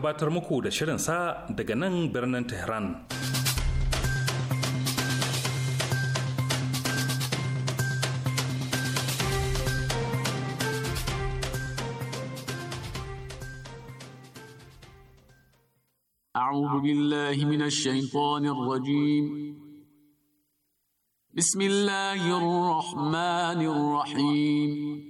gabatar muku da shirin sa daga nan birnin Tehran. أعوذ بالله من الشيطان الرجيم بسم الله الرحمن الرحيم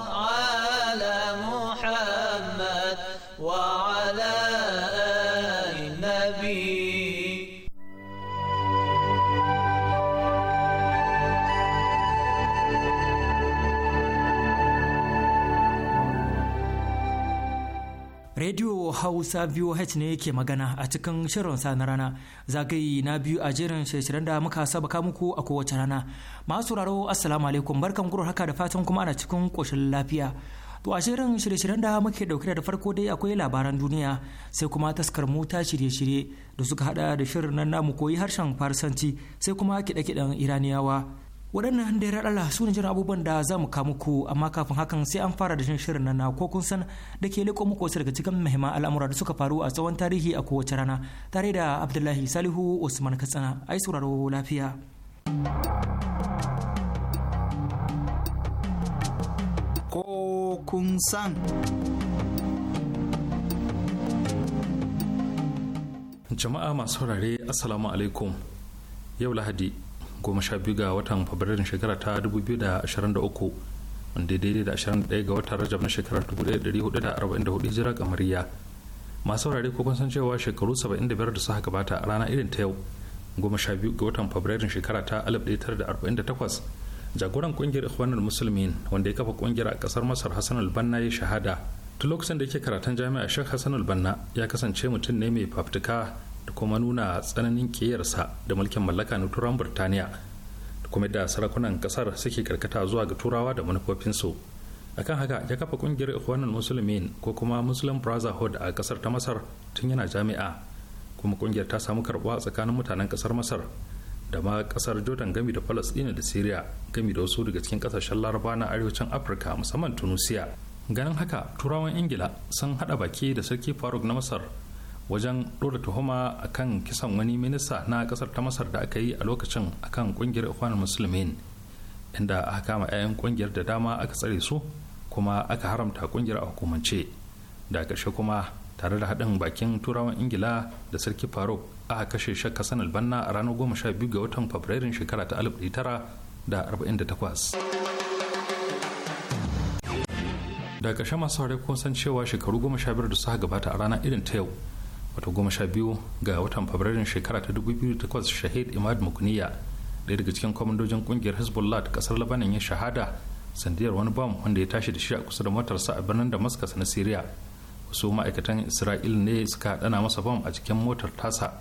Radio Hausa VOH ne ke magana a cikin shirin sa na rana zagaye na biyu a jerin shirin da muka saba ka muku a kowace rana. Masu raro Assalamu alaikum barkan gurin haka da fatan kuma ana cikin koshin lafiya. To a shirin shirye da muke dauke da farko dai akwai labaran duniya sai kuma taskar mota shirye-shirye da suka hada da shirin nan namu koyi harshen farsanci sai kuma kiɗe-kiɗen Iraniyawa. waɗannan da ya su ne jiran abubuwan da za mu kamu ku amma kafin hakan sai an fara da shan shirin na ko kun san da ke leƙo muku wasu daga cikin muhimman al'amura da suka faru a tsawon tarihi a kowace rana tare da abdullahi salihu usman katsina ai sauraro lafiya ko kun san jama'a masu saurare assalamu alaikum yau lahadi goma sha biyu ga watan fabrairun shekara ta 2023 wanda daidai da 21 ga watan rajab na shekarar 1444 hijira kamariya masu saurare ko kun san cewa shekaru 75 da suka gabata a rana irin ta yau goma sha biyu ga watan fabrairun shekara ta 1948 jagoran kungiyar ikhwanul musulmin wanda ya kafa kungiyar a kasar masar hassan albanna ya shahada tun lokacin da yake karatun jami'a shek hassan albanna ya kasance mutum ne mai fafutuka da kuma nuna tsananin keyarsa da mulkin mallaka na turan burtaniya da kuma da sarakunan kasar suke karkata zuwa ga turawa da manufofinsu akan haka ya kafa kungiyar ikhwanul musulmin ko kuma muslim brotherhood a kasar ta masar tun yana jami'a kuma kungiyar ta samu karbuwa tsakanin mutanen kasar masar da ma kasar jordan gami da palestina da syria gami da wasu daga cikin kasashen laraba na arewacin afirka musamman tunisia ganin haka turawan ingila sun hada baki da sarki faruk na masar wajen ɗora tuhuma kan kisan wani minista na ƙasar ta masar da aka yi a lokacin akan ƙungiyar ikhwanul musulmin inda aka kama 'ya'yan ƙungiyar da dama aka tsare su kuma aka haramta ƙungiyar a hukumance da ƙarshe kuma tare da haɗin bakin turawan ingila da sarki faruk aka kashe shakka sanar banna a ranar goma sha biyu ga watan fabrairun shekara ta alif tara da arba'in da takwas daga ƙarshe masu haure kun san cewa shekaru goma sha biyar da suka gabata a rana irin ta yau wato goma sha biyu ga watan fabrairun shekara ta 2008 shahid imad mukuniya ɗaya daga cikin kwamandojin kungiyar hezbollah ta kasar labanin ya shahada sandiyar wani bom wanda ya tashi da shi a kusa da motarsa a birnin damascus na syria wasu ma'aikatan isra'il ne suka dana masa bom a cikin motar tasa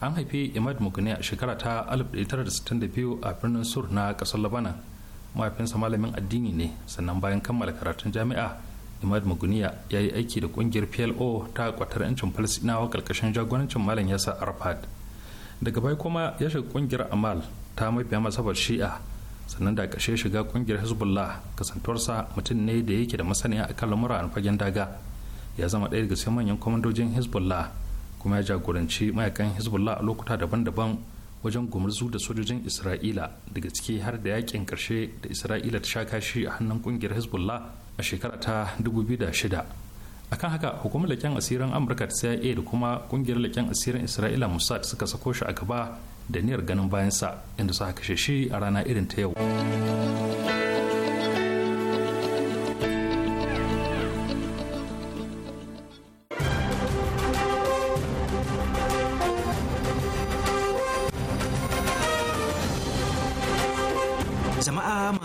an haifi imad mukuniya shekara ta 1962 a birnin sur na kasar labanan mahaifinsa malamin addini ne sannan bayan kammala karatun jami'a imad maguniya ya yi aiki da kungiyar plo ta kwatar 'yancin falasinawa karkashin jagorancin malam yasa arfad daga bai kuma ya shiga kungiyar amal ta mafiya masabar shi'a sannan da kashe shiga kungiyar hezbollah kasantuwarsa mutum ne da yake da masaniya a kan lamura a fagen daga ya zama ɗaya daga cikin manyan kwamandojin hezbollah kuma ya jagoranci mayakan hezbollah a lokuta daban-daban wajen gumurzu da sojojin isra'ila daga ciki har da yakin ƙarshe da isra'ila ta sha kashi a hannun kungiyar hezbollah a shekara ta 2006 akan haka hukumar leƙen asirin amurka ta cia da kuma ƙungiyar leƙen asirin isra'ila mossad suka sako shi a gaba da niyyar ganin bayansa inda suka kashe shi a rana irin ta yau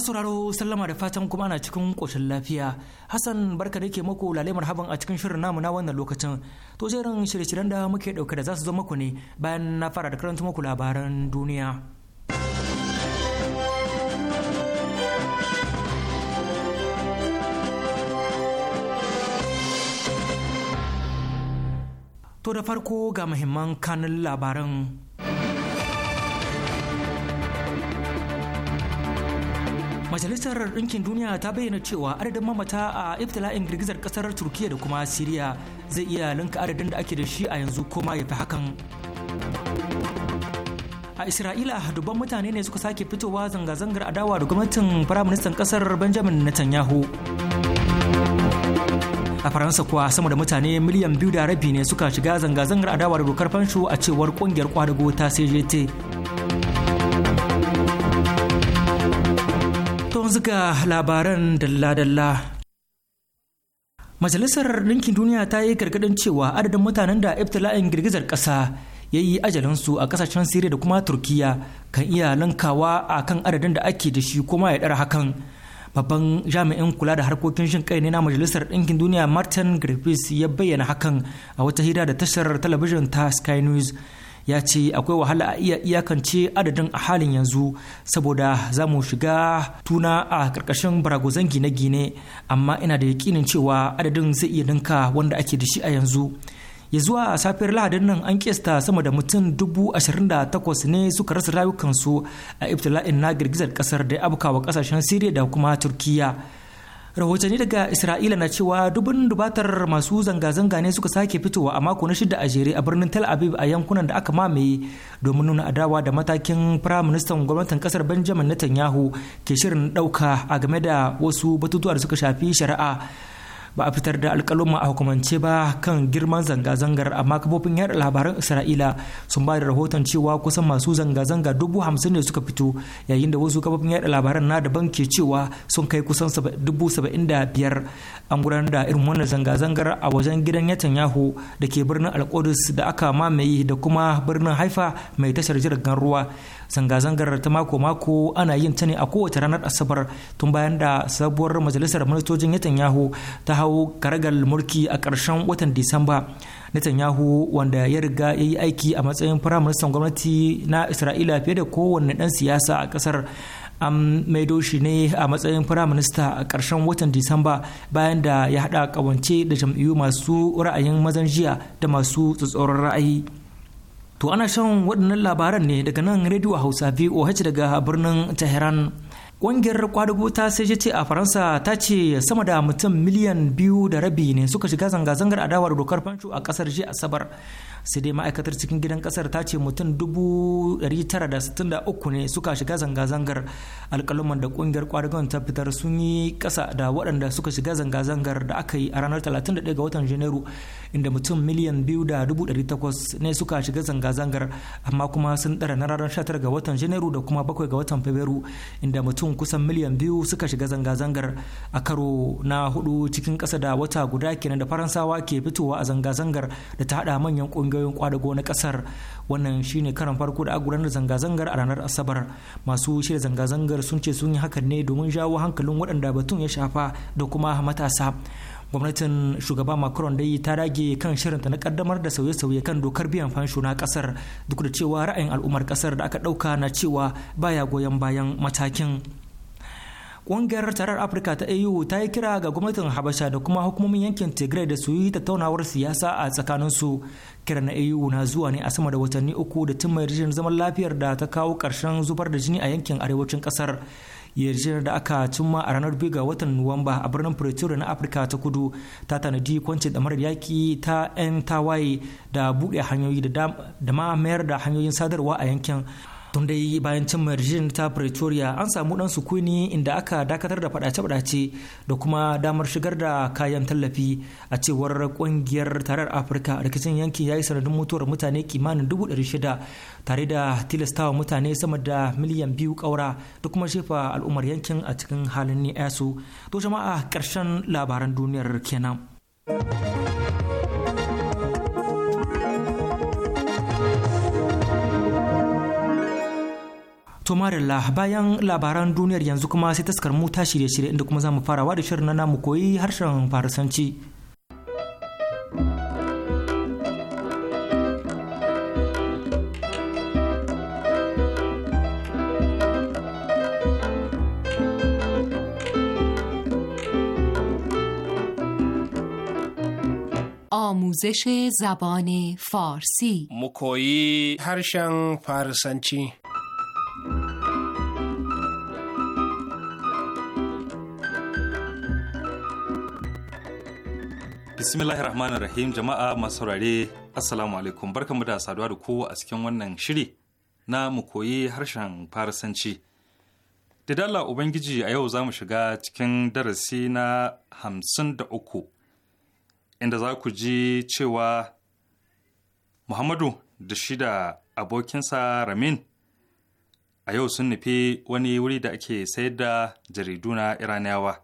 sauraro sallama da fatan kuma ana cikin ƙoshin lafiya hassan barka da ke mako lalemar haban a cikin shirin namu na wannan lokacin to jerin shirye-shiryen da muke ɗauke da za su zo muku ne bayan na fara da karanta muku labaran duniya to da farko ga muhimman kanun labaran majalisar ɗinkin duniya ta bayyana cewa adadin mamata a iftila'in girgizar ƙasar turkiya da kuma siriya zai iya linka adadin da ake da shi a yanzu koma ya fi hakan a isra'ila dubban mutane ne suka sake fitowa zanga-zangar adawa da gwamnatin firaministan ƙasar benjamin netanyahu a faransa kuwa sama da mutane miliyan biyu da rabi ne suka shiga zanga-zangar adawa da dokar fansho a cewar kungiyar kwadago ta cgt yanzu ga labaran dalla-dalla majalisar ɗinkin duniya ta yi gargaɗin cewa adadin mutanen da iftila'in girgizar ƙasa ya yi ajalinsu a ƙasashen siriya da kuma turkiya kan iya lankawa a kan adadin da ake da shi kuma ya ɗara hakan babban jami'in kula da harkokin shin kai ne na majalisar ɗinkin duniya martin griffiths ya bayyana hakan a wata hira da tashar talabijin ta sky news ya ce akwai wahala a iya iyakance adadin a halin yanzu saboda za mu shiga tuna a karkashin baragozan gine-gine amma ina da yakinin cewa adadin zai iya ninka wanda ake da shi a yanzu ya zuwa safiyar lahadin nan an kesta sama da mutum dubu ashirin da takwas ne suka rasa rayukansu a ibtila'in na girgizar kasar da ya wa kasashen siriya da kuma turkiya rahotanni daga isra'ila na cewa dubin dubatar masu zanga-zanga ne suka sake fitowa a mako na shida a jere a birnin tel aviv a yankunan da aka mamaye domin nuna adawa da matakin firaministan gwamnatin kasar benjamin netanyahu ke shirin dauka a game da wasu batutuwa da suka shafi shari'a ba a fitar da alkaluma a hukumance ba kan girman zanga-zangar amma kafofin yada labaran isra'ila sun ba da rahoton cewa kusan masu zanga-zanga dubu hamsin ne suka fito yayin da wasu kafofin yada labaran na daban ke cewa sun kai kusan dubu saba'in da biyar an gudanar da irin wannan zanga-zangar a wajen gidan yahu da ke birnin alkudus da aka mamaye da kuma birnin haifa mai tashar jiragen ruwa zanga-zangar ta mako-mako ana yin ta ne a kowace ranar asabar tun bayan da sabuwar majalisar ministocin netanyahu ta hau karagar mulki a ƙarshen watan disamba netanyahu wanda ya riga ya yi aiki a matsayin firaministan gwamnati na isra'ila fiye da kowane dan siyasa a ƙasar an maido shi ne a matsayin firaminista a ƙarshen watan disamba bayan da ya haɗa ƙawance da jam'iyyu masu ra'ayin mazan jiya da masu tsatsauran ra'ayi To ana shan waɗannan labaran ne daga nan rediyo Hausa VOH daga birnin Tehran. Ƙungiyar kwadago ta ce a Faransa ta ce sama da mutum miliyan biyu da rabi ne suka shiga zanga-zangar adawar dokar fansho a ƙasar jiya Asabar sai dai ma'aikatar cikin gidan kasar ta ce mutum 963 ne suka shiga zanga-zangar alkaluman da kungiyar kwadagon ta fitar sun yi kasa da waɗanda suka shiga zanga-zangar da aka yi a ranar 31 ga watan janairu inda mutum miliyan 2.800 ne suka shiga zanga-zangar amma kuma sun ɗara na ranar 19 ga watan janairu da kuma 7 ga watan fabrairu inda mutum kusan miliyan 2 suka shiga zanga-zangar a karo na hudu cikin kasa da wata guda kenan da faransawa ke fitowa a zanga-zangar da ta haɗa manyan ƙungiyoyi kungiyoyin kwadago na kasar wannan shine karan farko da gudanar zanga-zangar a ranar asabar masu shirya zanga-zangar sun ce sun yi hakan ne domin jawo hankalin waɗanda batun ya shafa da kuma matasa gwamnatin shugaba macron dai ta rage kan shirinta na kaddamar da sauye-sauye kan dokar biyan fansho na kasar duk da cewa ra'ayin al'ummar kasar da aka ɗauka na cewa baya goyon bayan matakin ƙungiyar tarar afirka ta au ta yi kira ga gwamnatin habasha da kuma hukumomin yankin tigray da su yi tattaunawar siyasa a tsakaninsu kira na au na zuwa ne a sama da watanni uku da mai yarjejeniyar zaman lafiyar da ta kawo karshen zubar da jini a yankin arewacin ƙasar yarjejeniyar da aka cimma a ranar biyu ga watan nuwamba a birnin pretoria na afirka ta kudu ta tanadi kwance da yaƙi ta 'yan tawaye da buɗe hanyoyi da ma mayar da hanyoyin sadarwa a yankin tun dai bayan cin marijin ta pretoria an samu dan sukuni inda aka dakatar da fadace-fadace da kuma damar shigar da kayan tallafi a cewar kungiyar tarar afirka rikicin yanki ya yi sanadin mutuwar mutane kimanin dubu tare da tilastawa mutane sama da miliyan biyu kaura da kuma shefa al'ummar yankin a cikin halin ni'asu to jama'a karshen labaran duniyar kenan. To Marilla bayan labaran duniyar yanzu kuma sai taskar mu ta shirye-shirye inda kuma za mu farawa da shirin na namu koyi harshen Farisanci. آموزش زبان فارسی مکویی هرشن فارسنچی Bismillahirrahmanirrahim jama'a masu saurare Assalamu alaikum barkamu da saduwa da kowa a cikin wannan shiri na mu koyi harshen Farisanci. Da dala Ubangiji a yau za mu shiga cikin darasi na hamsin da uku inda za ku ji cewa Muhammadu da shi da abokinsa Ramin a yau sun nufi wani wuri da ake sayar da jaridu na Iraniyawa.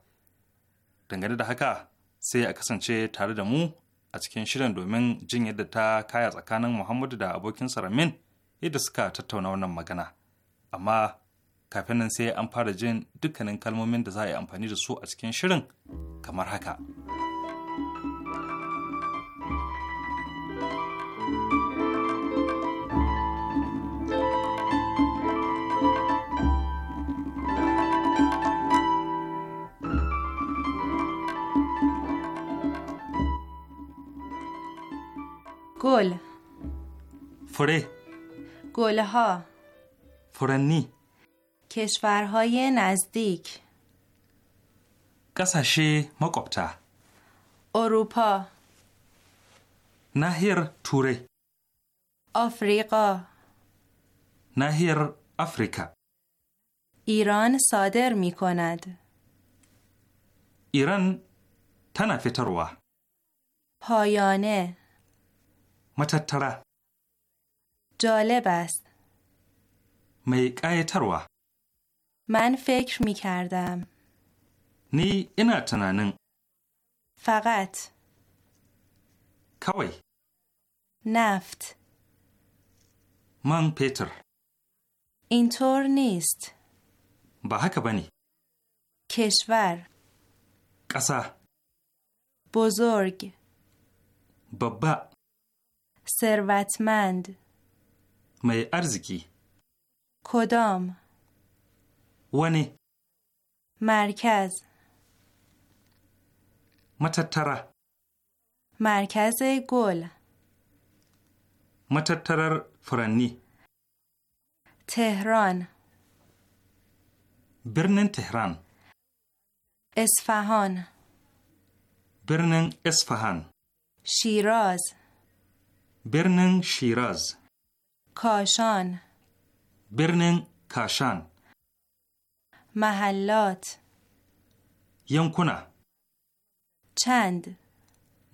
Dangane da haka sai a kasance tare da mu a cikin shirin domin jin yadda ta kaya tsakanin Muhammadu da abokinsa Ramin yadda suka tattauna wannan magana. Amma kafin nan sai an fara jin dukkanin kalmomin da za a yi amfani da su a cikin shirin kamar haka. گل فره گلها فرنی کشورهای نزدیک قسشه مقبتا اروپا نهر توره آفریقا نهر آفریقا ایران صادر می کند ایران روه پایانه matattara جالب است می قایتروا من فکر می کردم نی اینا تنانن فقط کوی نفت من پیتر اینطور نیست با هک بانی کشور قصه بزرگ بابا ثروتمند می ارزکی کدام ونی مرکز متترا مرکز گل متترر فرنی تهران برنن تهران اصفهان برنن اصفهان شیراز برنن شیراز کاشان برنن کاشان محلات یونکونا چند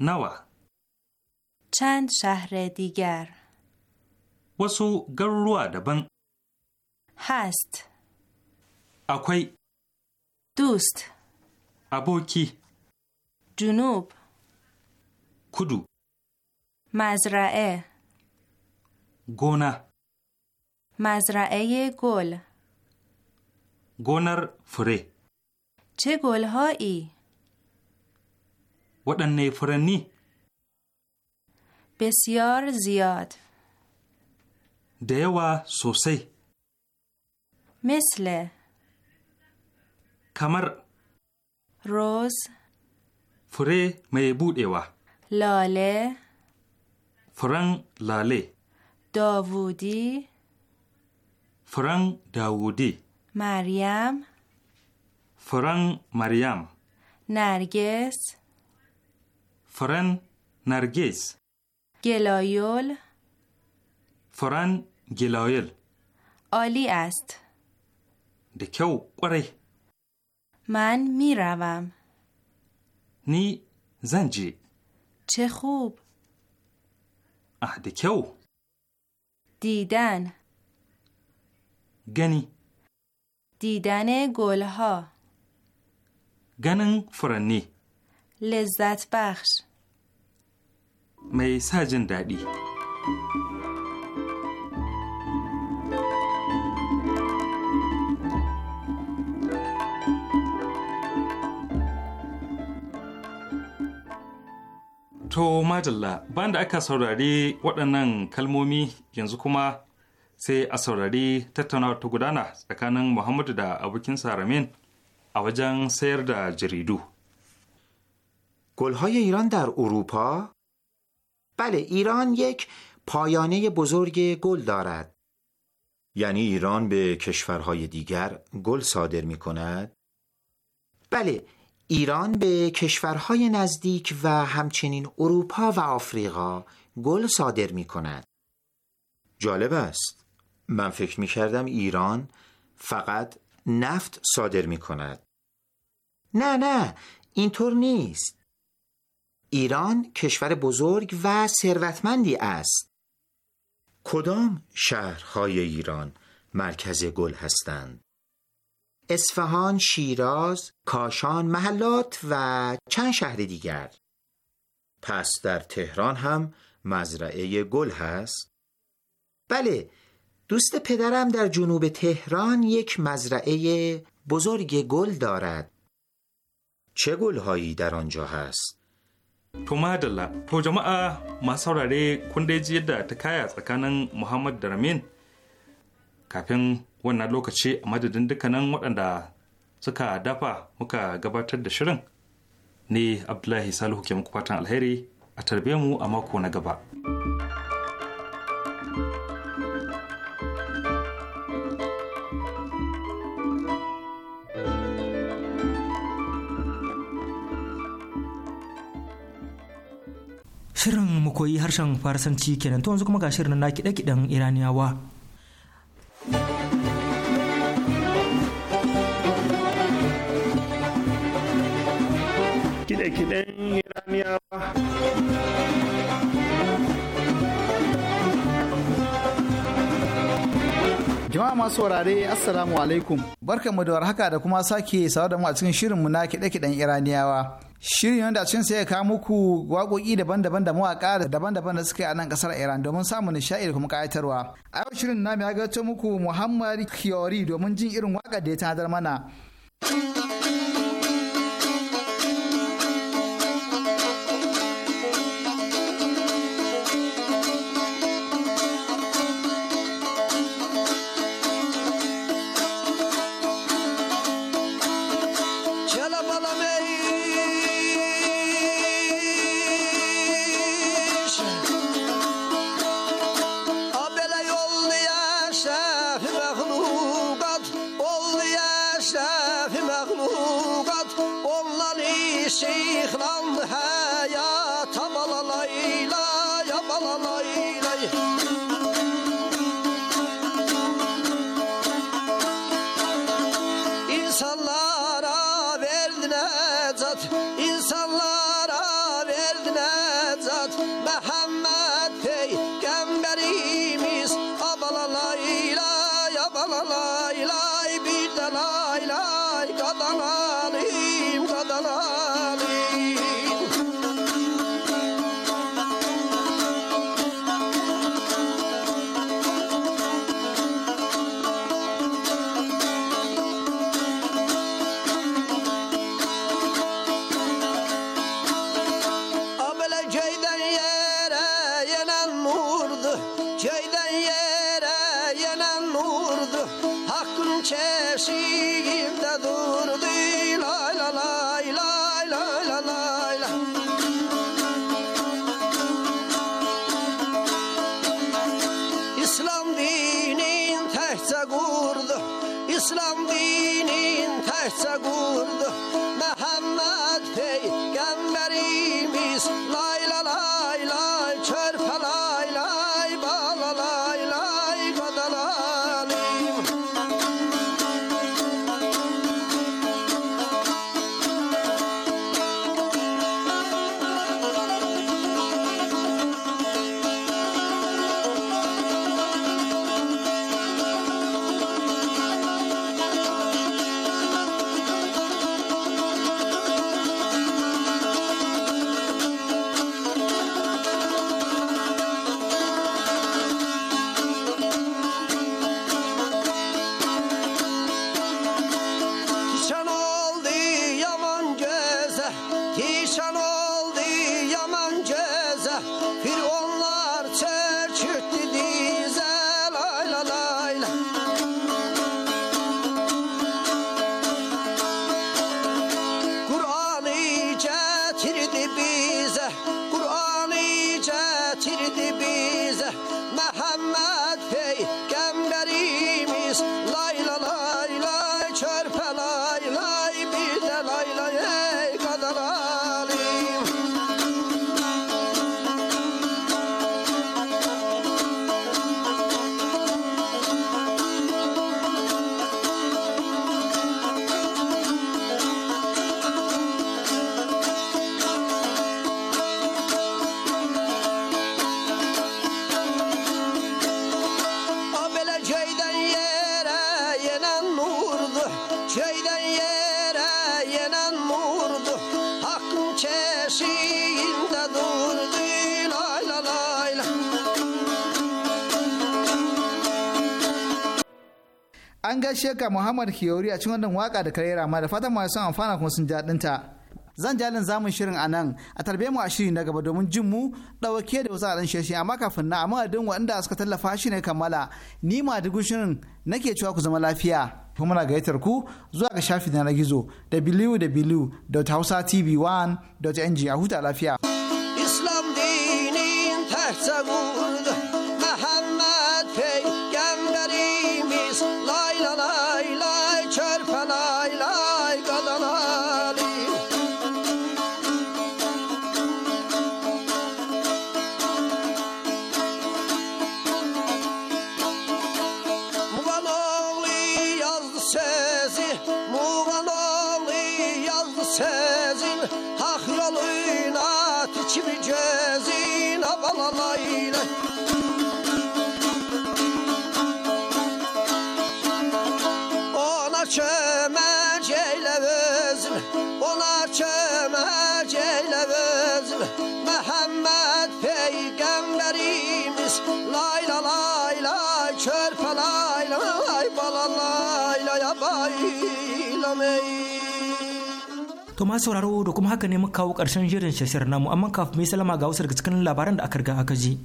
نوا چند شهر دیگر وسو گروا دبن هست اکوی دوست ابوکی جنوب کدو مزرعه گونه مزرعه گل گونر فره چه گلهایی؟ ودن نیفرنی بسیار زیاد دیوا سوسی مثل کمر روز فره میبود ایوا لاله فرنگ لاله داوودی فرنگ داوودی مریم فرنگ مریم نرگس فرن نرگس گلایول فرن گلایل عالی است دکو قره من میروم نی زنجی چه خوب اه دیدن گنی دیدن گلها گنن فرنی لذت بخش می سجن دادی To madalla bayan da aka saurari waɗannan kalmomi yanzu kuma sai a saurari tattaunawa ta gudana tsakanin Muhammadu da abokin Ramin a wajen sayar da jaridu. گلهای ایران در اروپا؟ بله ایران یک پایانه بزرگ گل دارد یعنی ایران به کشورهای دیگر گل صادر می کند؟ بله ایران به کشورهای نزدیک و همچنین اروپا و آفریقا گل صادر می کند. جالب است. من فکر می کردم ایران فقط نفت صادر می کند. نه نه اینطور نیست. ایران کشور بزرگ و ثروتمندی است. کدام شهرهای ایران مرکز گل هستند؟ اسفهان، شیراز، کاشان، محلات و چند شهر دیگر پس در تهران هم مزرعه گل هست؟ بله دوست پدرم در جنوب تهران یک مزرعه بزرگ گل دارد چه هایی در آنجا هست؟ تو مدله تو jama'a masu saurare kun در ji از ta محمد wannan lokaci a madadin dukkanin waɗanda suka dafa muka gabatar da shirin ne abdullahi salihu ke muku fatan alheri a tarbe mu a mako na gaba. Shirin mu koyi harshen Farsanci kenan to yanzu kuma ga shirin na kiɗe-kiɗen Iraniyawa. jama'a masu wurare assalamu alaikum mu da warhaka da kuma sake sawa da mu a cikin shirinmu na kiɗe-kiɗen iraniyawa shirin wanda cin sai ya kawo muku waƙoƙi daban-daban da mawaƙa daban-daban da suka yi a nan ƙasar Iran domin samun nishaɗi da kuma ƙayatarwa. A yau shirin namu ya gato muku Muhammad Kiyori domin jin irin waƙar da ya tanadar mana. Kadanay lay kadanay gaishe ka Muhammad Kiyori a cikin wannan waka da karera ma da fatan masu amfana kuma sun jaɗin ta. Zan jalin zamun shirin a nan a tarbe mu a shiri na gaba domin jin mu ɗauke da wasu a shirshi amma kafin na amma adin waɗanda suka tallafa shi ne kammala ni ma dugu shirin nake cewa ku zama lafiya. Kuma na gayyatar ku zuwa ga shafi na gizo www.hausatv1.ng a huta lafiya. Islam dinin Paris Lay la lay lay lay bala lay bay To ma sauraro da kuma haka ne muka kawo ƙarshen jerin shashar namu amma kafin mai salama ga wasu daga cikin labaran da aka riga aka ji.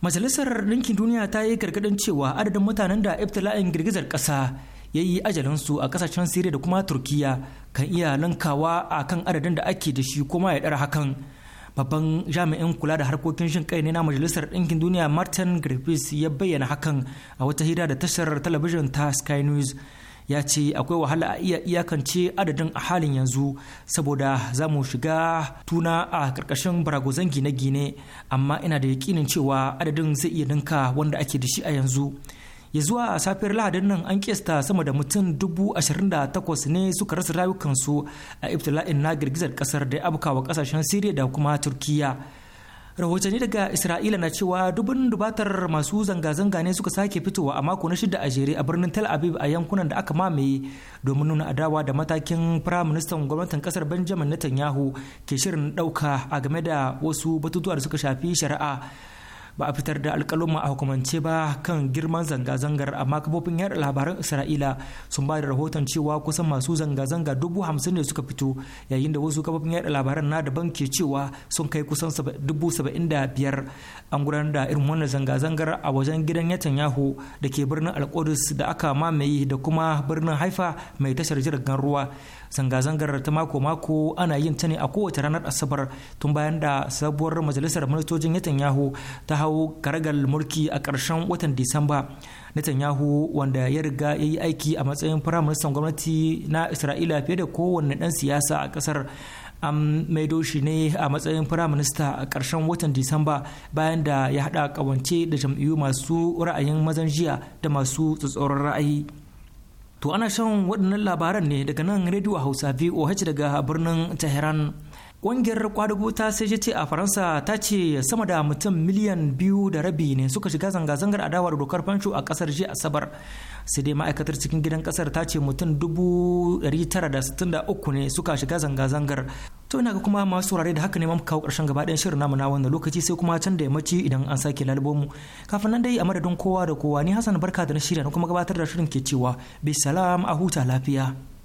Majalisar Ɗinkin Duniya ta yi gargaɗin cewa adadin mutanen da iftila'in girgizar ƙasa ya yi ajalinsu a ƙasashen Siriya da kuma Turkiyya kan iya lankawa a kan adadin da ake da shi kuma ya ɗara hakan. babban jami'in kula da harkokin shin kai ne na majalisar ɗinkin duniya martin griffiths ya bayyana hakan a wata hira da tashar talabijin ta sky news ya ce akwai wahala a iya iyakance adadin a halin yanzu saboda za mu shiga tuna a karkashin baragozan gine-gine amma ina da yakinin cewa adadin zai iya ninka wanda ake da shi a yanzu ya zuwa a safiyar lahadin nan an kesta sama da mutum dubu ashirin da takwas ne suka rasa rayukansu a ibtila'in na girgizar kasar da ya wa kasashen siriya da kuma turkiya rahotanni daga isra'ila na cewa dubin dubatar masu zanga-zanga ne suka sake fitowa a mako na shida a jere a birnin tel aviv a yankunan da aka mamaye domin nuna adawa da matakin firaministan gwamnatin kasar benjamin netanyahu ke shirin dauka a game da wasu batutuwa da suka shafi shari'a ba a fitar da alkaluma a hukumance ba kan girman zanga-zangar amma kafofin yada labaran isra'ila sun ba da rahoton cewa kusan masu zanga-zanga dubu hamsin ne suka fito yayin da wasu kafofin yada labaran na daban ke cewa sun kai kusan dubu saba'in da biyar an gudanar da irin wannan zanga-zangar a wajen gidan netanyahu da ke birnin alkudus da aka mamaye da kuma birnin haifa mai tashar jiragen ruwa zanga-zangar ta mako-mako ana yin ta ne a kowace ranar asabar tun bayan da sabuwar majalisar ministocin netanyahu ta hau karagar mulki a ƙarshen watan disamba netanyahu wanda ya riga ya yi aiki a matsayin firaministan gwamnati na isra'ila fiye da kowane ɗan siyasa a ƙasar an maido shi ne a matsayin firaminista a ƙarshen watan disamba bayan da ya haɗa ƙawance da jam'iyyu masu ra'ayin mazan jiya da masu tsatsauran ra'ayi To ana shan waɗannan labaran ne daga nan rediyo Hausa VOH daga birnin Tehran. Ƙungiyar kwadugu ta CGT a Faransa ta ce sama da mutum miliyan biyu da rabi ne suka shiga zanga-zangar adawar dokar fansho a kasar jiya Asabar. Sai dai ma'aikatar cikin gidan kasar ta ce mutum dubu ɗari tara da sittin da uku ne suka shiga zanga-zangar. To ina ga kuma masu saurare da haka ne mamu kawo ƙarshen gaba ɗayan shirin namu na wannan lokaci sai kuma can da yammaci idan an sake lalbomu. Kafin nan dai a madadin kowa da kowa ni Hassan barka da na shirya na kuma gabatar da shirin ke cewa bisalam a huta lafiya.